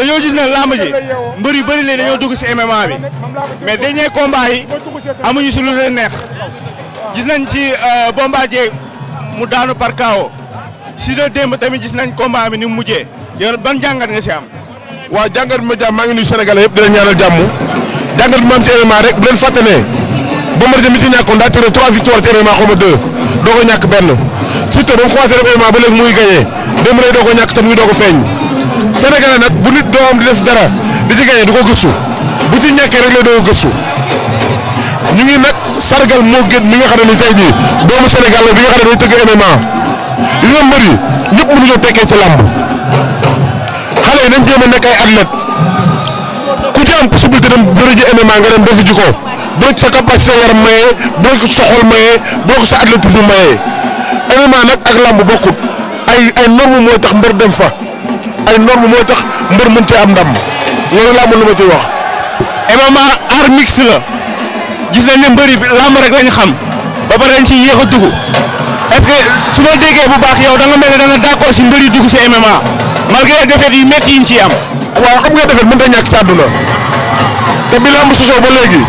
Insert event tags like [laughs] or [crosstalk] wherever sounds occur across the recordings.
dañoo gis ne làmb ji mbër yu bëri leen dañoo dugg si MMA bi mais dernier combat yi amuñu si lu leen neex gis nañ ci euh, Bombardier mu daanu par KO si de démb tamit gis nañ combat bi ni mu mujjee yow ban jàngat nga si am. waa jàngat bi ma jàmm maa ngi nuyu senegal yëpp di leen ñaanal jàmm jàngat bi ma am ci MMA rek bu leen fàtte ne Bombardier mi ci ñàkkoon daa tere 3 victoire ci MMA xaw ma 2 doo ko ñàkk benn surtout ba mu commencé rek MMA ba muy gagné démb lay doo ko ñàkk te muy doo ko feeñ. Sénégalais nag bu nit doom di def dara di ci gañe ko gëstu bu ci ñàkkee rek la doo gëstu ñu ngi nag sargal moo gën mi nga xam ne ni tey jii doomu senegal la bi nga xam ne day tëgg MMA li nga mbër yi ñëpp mënuñoo tekkee ci làmb xale yi nañ jéem a nekk ay athlète ku ci am possibilité dem bëri ji MMA nga dem defi ji ko boo ci sa capacité yaram maye boo ko sa xol maye boo ko sa ma maye MMA nag ak làmb bokkut ay ay mooy tax mbër dem fa. ay norme moo tax mbër mën cee am ndam loolu laa lu ma ciy wax. MMA art mixte la gis nañ ne mbëri bi làmb rek lañ xam ba pare dañ ciy yéex a dugg est-ce su ma déggee bu baax yow da nga mel ne da nga d'accord si mbëri dugg si MMA malgré défaite yu métti yi ñu ciy am. waaw xam nga défaite mënut ñàkk ci àdduna te bi làmb sosoo ba léegi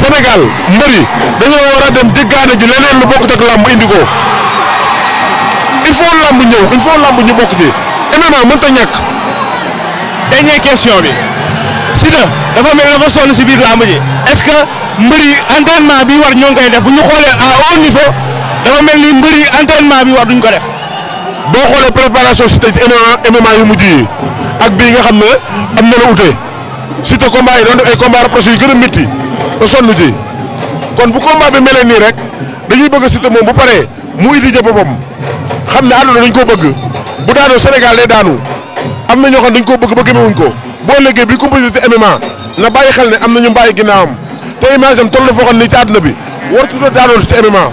Sénégal mbëri dañoo war a dem jéggaane ji leneen lu bokkut ak làmb indi il faut làmb ñëw il faut làmb ñu bokk ci. MMA mënta ñàkk. dernière question bi. Siteu dafa mel dafa sonn si biir làmb ji est-ce que mbëri entraînement bi war ñoo ngi koy def bu ñu xoolee à haut dafa mel ni mbëri entraînement bi war duñ ko def. boo xoolee préparation Siteu MMA yu mujj yi ak bii nga xam ne am na la ute Siteu combat yi doon def ay combat rapproché yu gën a métti te sonn ji kon bu combat bi melee nii rek dañuy bëgg Siteu moom bu paree mu indi boppam xam ne àdduna dañ koo bëgg. bu daanoo Sénégal day daanu am na ñoo xam dañ koo bëgg ba gëmewuñ ko boo léegi bi compétiteur MMA na bàyyi xel ne am na ñu bàyyi ginnaawam te image am toll na foo xam ni ci àdduna bi waratu la daanoo ci MMA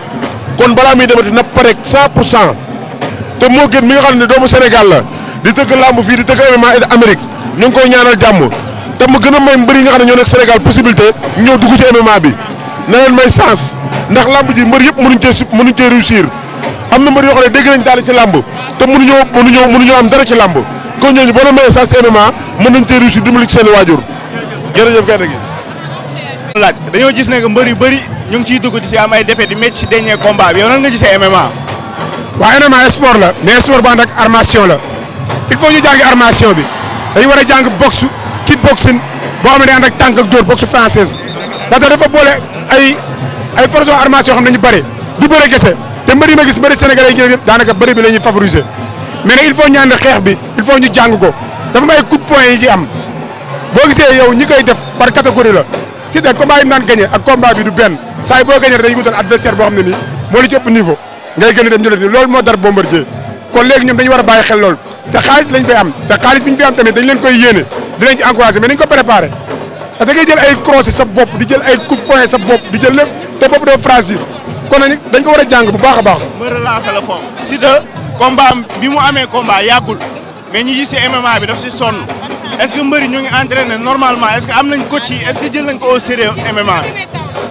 kon balaa muy demati na pare 100 pour cent te moo gën mi nga xam ne doomu Sénégal la di tëgg làmb fii di tëgg MMA Amérique ñu ngi koy ñaanal jàmm te gën a may mbër yi nga xam ne ñoo nekk Sénégal possibilité ñëw dugg ci MMA bi na leen ndax làmb ji yëpp mënuñ cee mënuñ cee réussir. am na mbër yoo xam ne dégg nañ daal ci làmb te mënuñoo mënuñoo mënuñoo am dara ci làmb kon ñooñu boo demee sas MMA mën nañ tey réussir dimbali ci seen waajur jërëjëf gànna gi dañoo gis ne mbër yu bëri ñu ngi ciy dugg di si am ay defe di métti si dernier combat bi yow nan nga gisee MMA waaw MMA sport la mais sport bu ànd ak armation la il faut ñu jàngi armation bi dañu war a jàng boxe kickboxing boo xam ne day ànd ak tànk ak dóor boxe française ndax dafa boole ay ay forces armation yoo xam ñu bëri du bëre kese te mbëri ma gis mbëri sénégalais yi yëpp daanaka bëri bi la ñuy favoriser mais nag il faut ñu ànd xeex bi il faut ñu jàng ko dafa may coup de poing yi ci am boo gisee yow ñi koy def par catégorie la si da combat yi naan bi du benn saa yi boo gagné dañuy wutal adversaire boo xam ne nii moo la ci ëpp niveau ngay gën a dem ñu ni loolu moo dar bombardier kon léegi ñoom dañu war a bàyyi xel loolu te xaalis lañ fay am te xaalis bi ñu fay am tamit dañ leen koy yéene dinañ ci encouragé mais ko préparé da jël ay crosse sa bopp di jël ay coup de di jël lépp te bopp kon nag dañ ko war a jàng bu baax a baax. ma relancer la foofu. Siteu combat bi mu amee combat yàggul mais ñi ci MMA bi daf si sonn est-ce que mbëri ñu ngi entraîné normalement est-ce que am nañ coach yi est-ce que jël nañ ko au sérieux MMA bi.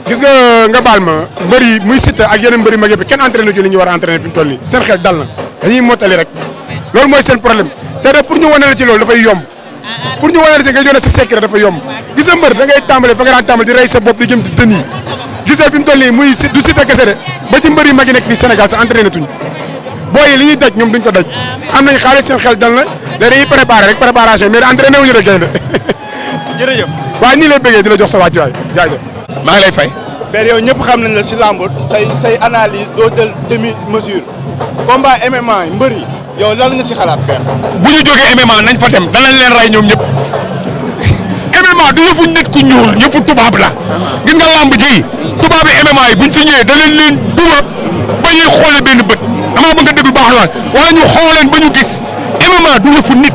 gis nga nga baal ma mbëri muy Siteu ak yeneen mbëri mag yëpp kenn entraîné ci li war a entraîné fi mu toll nii seen xel dal na dañuy mottali rek loolu mooy seen problème te rek pour ñu wane la ci loolu dafay yomb. pour ñu wane la ci nga joxe sa secret dafa yomb gisee fi mu toll nii muy du Siteu kese de ba ci mbër yu mag yi nekk fii Sénégal sa entraîné tuñ booy yi li ñuy daj ñoom duñ ko daj am nañ xaalis seen xel dal na dañuy préparé rek préparation mais entraîné wuñu rek gaynde [laughs] jërëjëf waaye nii lay bëggee di la jox sa waaj waay jaajëf maa ngi lay fay benn yow ñëpp xam nañ la si làmb say say analyse doo jël demi mesure combat MMA mbër yi yow lan nga si xalaat benn bu ñu jógee MMA nañ fa dem danañ leen rey ñoom ñëpp MMA du yëfu nit ku ñuul ñëpp tubaab la gis nga lamb ji tubaab yi MMA yi buñ fi ñëwee da leen leen duma ba ñuy xoolee benn bët damaa bëgg a déglu baax na wala ñu xooleen ba ñu gis MMA du yëfu nit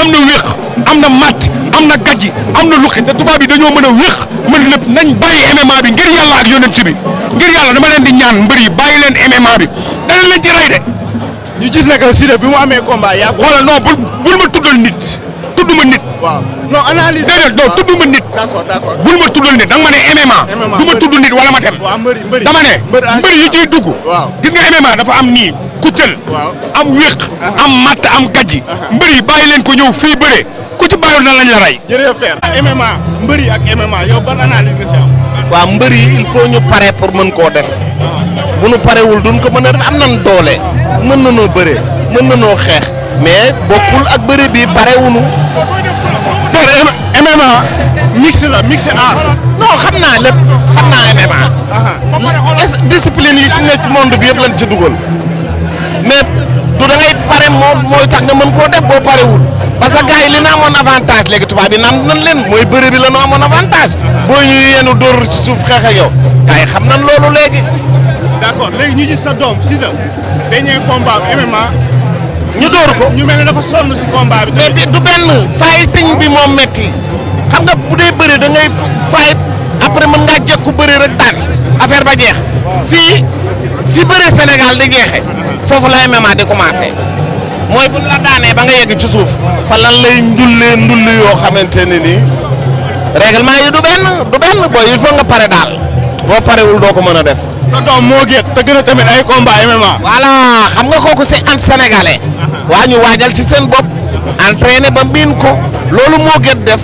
am na wéq am na matt am na gàjji am na luqi te tubaab yi dañoo mën a wéq mën lépp nañ bàyyi MMA bi ngir yàlla ak yonent bi ngir yàlla dama leen di ñaan mbër yi bàyyi leen MMA bi danañ leen ci rey de. ñu gis ne que Siteu bi mu amee combat yaa xoolal non bul bul ma tuddal ma nit. waaw non analyse. déedéet non ma tuddal nit danga ma ne MMA. MMA du ma tudd nit wala ma dem. waaw ne. mbëri yi ciy dugg. waaw gis nga MMA dafa am nii kuccël. am wéq. am matt am gajji. mbëri bàyyi leen ko ñëw fii bëre ku ci bàyyiwul nan lañ la rey. jërëjëf père ah, MMA mbëri ak MMA yow ban analyse nga si am. waaw mbëri yi il faut ñu pare pour mën koo def. Ah. bu parewul duñ ko mën a def am nan doole mën nanoo bëree mën nanoo xeex mais bokkul ak bëre bi parewunu bëre mix la mix art non xam naa lépp xam naa MMA discipline yi ci nekk monde bi yëpp lañ ci dugal mais du da ngay pare moo mooy tax nga mën koo def boo parewul parce que gars yi li na amoon avantage léegi tubaab nan nan leen mooy bëre la ñu amoon avantage boo ñuy yenu dóor ci suuf xeex ak yow xam nan loolu léegi ñu gis sa doom si da dernier combat MMA ñu dóor ko ñu mel ne dafa sonn si combat bi. mais bi du benn faay teñ bi moom metti xam nga bu dee bëri da ngay après mën ngaa jekku bëri rek daan affaire ba jeex fii fi bëre Sénégal di jeexe foofu la MMA di commencé mooy bu la daanee ba nga yegg ci suuf fa lan lay ndullee ndull yoo xamante ne nii règlement yi du benn du benn booy il faut nga pare daal boo parewul doo ko mën a def. sa doom moo gét te gën a tamit ay combat MMA. voilà xam nga kooku c'est anti sénégalais. waa ñu waajal ci seen bopp entraîné ba miin ko loolu moo gën def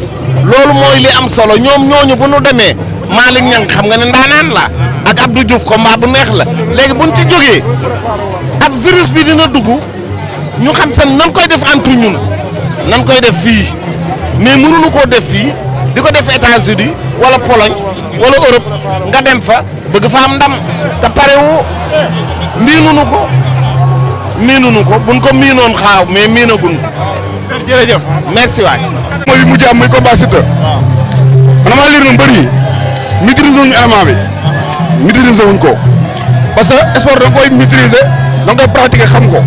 loolu mooy li am solo ñoom ñooñu bu nu demee Malick Niang xam nga ne ndaanaan la ak Abdou Diouf combat bu neex la léegi bu buñ ci jógee ab virus bi dina dugg ñu xam seen nan koy def entre ñun nan koy def fii mais mënuñu koo def fii di ko def États-Unis wala Pologne wala Europe nga dem fa bëgg fa am ndam te pare woo ndiinuñu ko. miinunu ko buñ ko miinoon xaaw mais miin ko. jërëjëf merci waay. mooy bi mujj am muy combat Siteu. waaw man liir ñun bëri yi maîtriser wuñ élément bi. maîtriser ko. parce que sport da nga koy maîtriser da nga koy pratiquer xam ko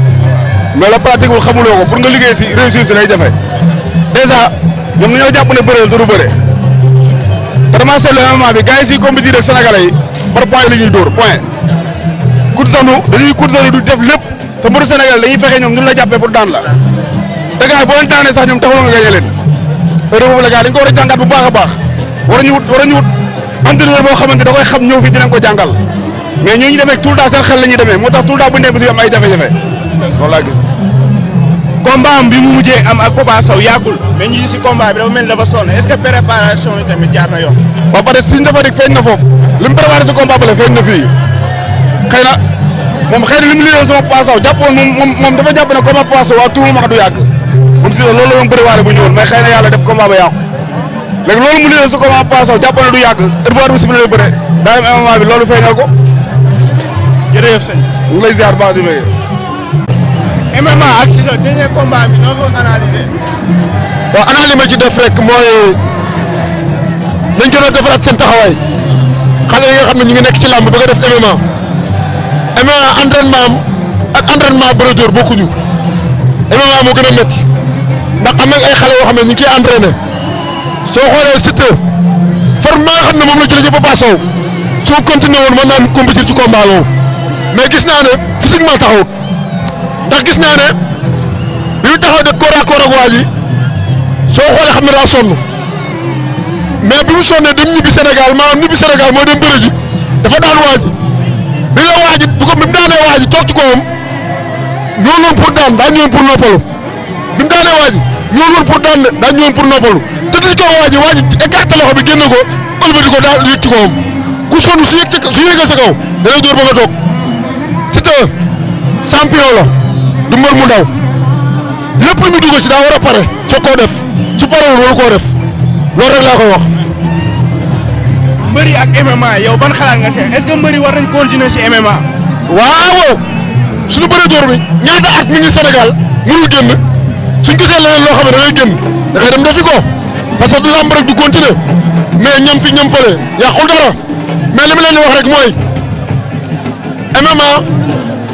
mais la pratique xamuloo ko pour nga liggéey si réussir si lay jafe dèjà ñoom dañoo jàpp ne bëreel du du bëre te damaa seetlu élément bi gars yi siy compétir ak sénégalais point la ñuy dóor point. Koudzanu dañuy du def lépp. te mbiru Sénégal dañuy fexe ñoom ñun la jàppee pour daan la te gars yi boo leen daanee sax ñoom taxul nga gañe leen heure la gars yi ko war a jàngat bu baax a baax war ñu wut war ñu boo xamante da koy xam ñëw fii dinañ ko jàngal mais ñooñu demee tout le temps seen xel la ñuy demee moo tax tout le temps bu ñu demee bi am ay jafe-jafe loolu laa gis. am bi mu mujjee am ak Papa Sow ñi si combat bi dafa mel ni dafa que préparation yi tamit jaar na yoon. waaw parce que suñu dafa dégg feeñ na foofu li mu préparé si combat bële feeñ na moom xëy na li mu liggéeyoon sama poisson jàppoon jàpp ne combat waa tuur ma du yàgg moom si loolu la doon bëri waale bu ñëwoon mais xëy yàlla def combat ba yàqu loolu mu liggéeyoon sa combat poisson jàppoon ne du yàgg heure bu war bi si lay bëre daa dem MMA bi loolu feeñal ko. jërëjëf sëñ bi. lay ziar baax di bëgg. ma ci def rek mooy nañ gën a defaraat seen taxawaay xale yi xam ne ñu ngi nekk ci làmb bëgg a def MMA. MMA entraînement ak entraînement bëre dóor bokkuñu MMA moo gën a métti ndax am nañ ay xale yoo xam ne ñu ngi ciy entraîné soo xoolee Siteu forme nga xam ne moom la jëlee ci Papa Sow soo continué woon mën naa ci combat boobu mais gis naa ne physiquement taxawut ndax gis naa ne bi ñu taxaw de corps à corps yi waa ji soo xoolee xam ne daa sonn mais bi mu sonnee dem ñibbi Sénégal maanaam ñibbi Sénégal mooy dem bëre ji dafa daan waa bi la waaj bu ko bi mu daanee waaj toog ci kawam ñoo woon pour daan daañu woon pour noppalu bi mu daanee waaj ñoo woon pour daan daañu woon pour noppalu te dañu waaj waaj écarté loxo bi génne ko ëllëg di ko daal yëg ci kawam ku sonn su yëg sa kaw day dóor ba nga toog c'est un champion la du mbër mu ndaw lépp lu ñu dugg ci daa war a pare soo def su parewul waru koo def loolu rek wax. mbëri ak MMA yow ban xalaat nga seen est-ce que mbëri war nañ continuer ci MMA. waaw suñu bëree door bi ñaata at mi ngi Sénégal mënul génn si gisee la loo xam ne da génn da ngay dem defi ko parce que du lamb rek du continuer mais ñam fi ñam fële yàqul dara mais li ma leen di wax rek mooy MMA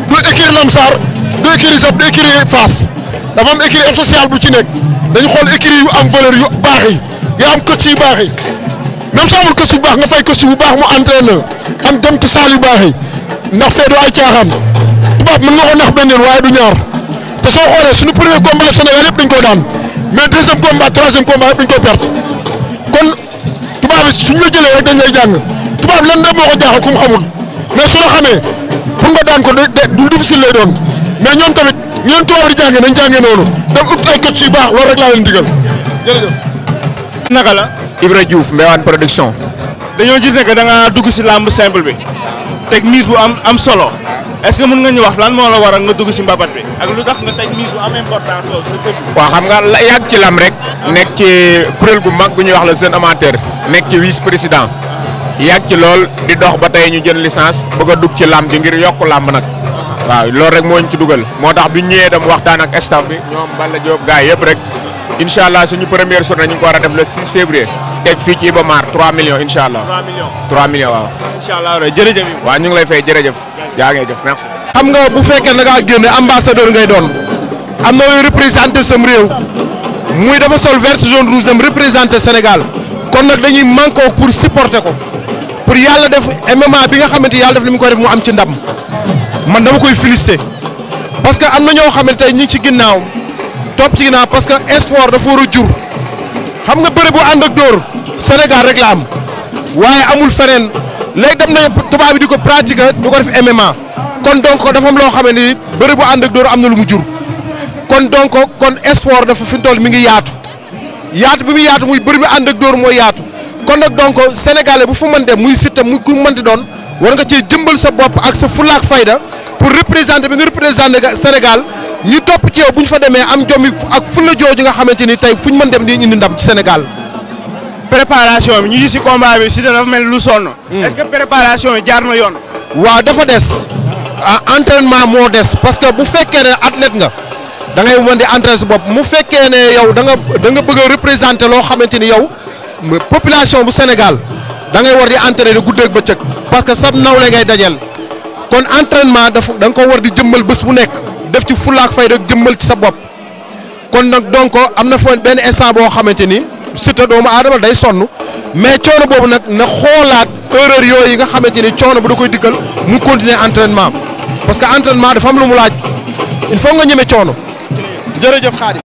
du écurie Lamsar du écurie Zap du écurie Fass dafa am écurie sociale bu ci nekk dañu xool écurie yu am valeur yu baax yi yu am coach yu baax même soo amul coach bu baax nga fay coach bu baax mu entraîneur am dem ci saal yu baax yi ndax fee du ay caaxaan tubaab mën nga ko nax benn yoon waaye du ñaar te soo xoolee suñu premier combat Sénégal yëpp dañ koo daan mais deuxième combat troisième combat yëpp dañ koy perte kon tubaab bi suñ la jëlee rek dañ lay jàng tubaab lan da moo ko jaaxal ku mu xamul mais su la xamee pour nga daan ko du difficile lay doon mais ñoom tamit ñu leen tubaab di jàngee nañ jàngee noonu dem yu baax loolu rek laa leen digal jërëjëf naka la. Ibra Diouf Mbéwane production. dañoo gis ne que da dugg si làmb simple bi teg bu am am solo est ce que mën nga ñu wax lan moo la waral nga dugg si mbabat bi ak lu tax nga am importance lool sa xam nga la yàgg ci làmb rek. nekk ci kuréel gu mag gu ñuy wax la jeune amateur. nekk ci vice président. yàgg ci lool di dox ba tey ñu jël licence bëgg a dugg ci làmb ji ngir yokk làmb nag. waaw loolu rek moo ñu ci dugal. moo tax bi ñëwee dem waxtaan ak staff bi ñoom Balla Diop gars yëpp rek. incha allah suñu première journée ñu ngi ko war a def le 6 teg fii ci Iba Mar 3 millions incha allah. 3 millions 3 millions waaw. incha allah jërëjëf. waaw ñu ngi lay fay jërëjëf. jaa ngay jëf merci. xam nga bu fekkee da ngaa génne ambassadeur ngay doon am na way représenté sam réew muy dafa sol vert jaune rouge dem représenté Sénégal kon nag dañuy manqué pour supporter ko pour yàlla def MMA bi nga xamante yàlla def li mu ko def mu am ci ndam man dama koy félicité parce que am na ñoo xamante tey ñi ngi ci ginnaaw topp ci ginnaaw parce que espoir dafa war a jur. xam nga bëre bu ànd ak dóor Sénégal rek la am waaye amul feneen léegi dem na tubaab bi di ko pratiquer ñu ko def MMA kon donc dafa am loo xam ni bëre bu ànd ak dóor am na lu mu jur. kon donc kon sport dafa fi mu toll mi ngi yaatu yaatu bi mu yaatu muy bëre bi ànd ak dóor mooy yaatu kon nag donc sénégalais bu fu mën dem muy sittam muy ku mënti doon war nga cee jëmbal sa bopp ak sa fulaak fayda pour représenter bi nga représenter Sénégal. ñi topp ci yow bu ñu fa demee am jom ak fulla jooju nga xamante ni tey fu ñu mën dem di indi ndam ci Sénégal. préparation bi ñu ngi si combat bi si dafa mel lu sonn. Hmm. est-ce préparation yi jaar ma yoon. waa dafa des ah, entraînement moo des parce que bu fekkee ne athlète nga da ngay mën di entraîner si bopp mu fekkee ne yow danga nga bëgg a représenter loo xamante ni yow population bu Sénégal da ngay war di entraîner guddeeg bëccëg parce que sab nawle ngay dajeel kon entraînement dafa da nga ko war di jëmmal bés bu nekk. def ci fulaak fay rek jëmmal ci sa bopp kon nag donc am na fa benn instant boo xamante ni Siteu doomu aadama day sonn mais coono boobu nag na xoolaat erreur yooyu nga xamante ni coono bu da koy dikkal mu continuer entraînement parce que entraînement dafa am lu mu laaj il faut nga ñeme coono jërëjëf